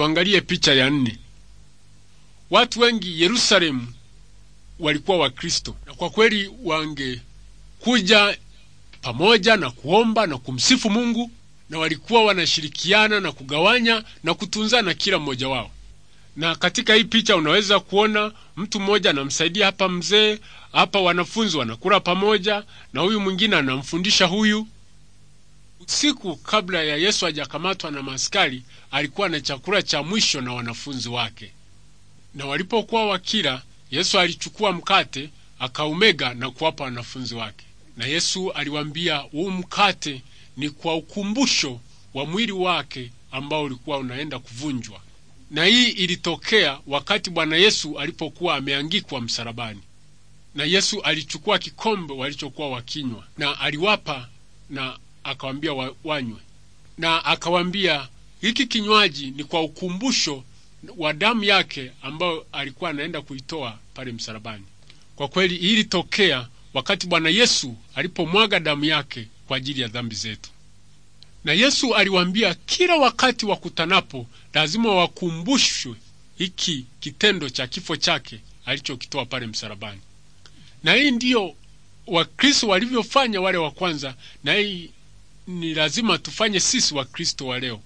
Tuangalie picha ya nne. Watu wengi Yerusalemu walikuwa Wakristo, na kwa kweli wangekuja pamoja na kuomba na kumsifu Mungu, na walikuwa wanashirikiana na kugawanya na kutunzana kila mmoja wao. Na katika hii picha unaweza kuona mtu mmoja anamsaidia hapa mzee, hapa wanafunzi wanakula pamoja, na huyu mwingine anamfundisha huyu Siku kabla ya Yesu hajakamatwa na maskari, alikuwa na chakula cha mwisho na wanafunzi wake, na walipokuwa wakila, Yesu alichukua mkate akaumega na kuwapa wanafunzi wake. Na Yesu aliwambia, huu mkate ni kwa ukumbusho wa mwili wake ambao ulikuwa unaenda kuvunjwa. Na hii ilitokea wakati Bwana Yesu alipokuwa ameangikwa msalabani. Na Yesu alichukua kikombe walichokuwa wakinywa na aliwapa na akawambia wa, wanywe. Na akawambia hiki kinywaji ni kwa ukumbusho wa damu yake ambayo alikuwa anaenda kuitoa pale msalabani. Kwa kweli hili tokea wakati Bwana Yesu alipomwaga damu yake kwa ajili ya dhambi zetu. Na Yesu aliwambia kila wakati wakutanapo, lazima wakumbushwe hiki kitendo cha kifo chake alichokitoa pale msalabani. Na hii ndiyo Wakristo walivyofanya wale wa kwanza, na hii ni lazima tufanye sisi Wakristo wa leo.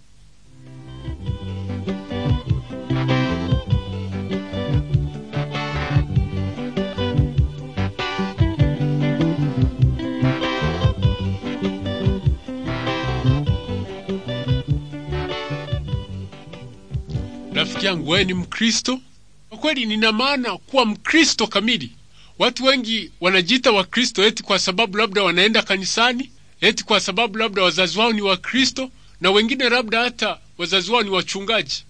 Rafiki yangu, wewe ni Mkristo? Kwa kweli, nina maana kuwa Mkristo kamili. Watu wengi wanajiita Wakristo eti kwa sababu labda wanaenda kanisani eti kwa sababu labda wazazi wao ni Wakristo na wengine labda hata wazazi wao ni wachungaji.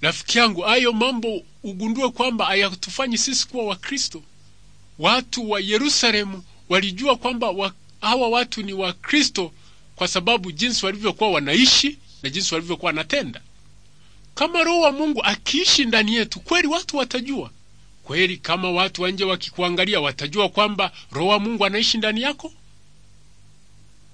Rafiki yangu, hayo mambo ugundue kwamba hayatufanyi sisi kuwa Wakristo. Watu wa Yerusalemu walijua kwamba wa, hawa watu ni Wakristo kwa sababu jinsi walivyokuwa wanaishi na jinsi walivyokuwa wanatenda. Kama Roho wa Mungu akiishi ndani yetu, kweli watu watajua kweli. Kama watu wanje wakikuangalia, watajua kwamba Roho wa Mungu anaishi ndani yako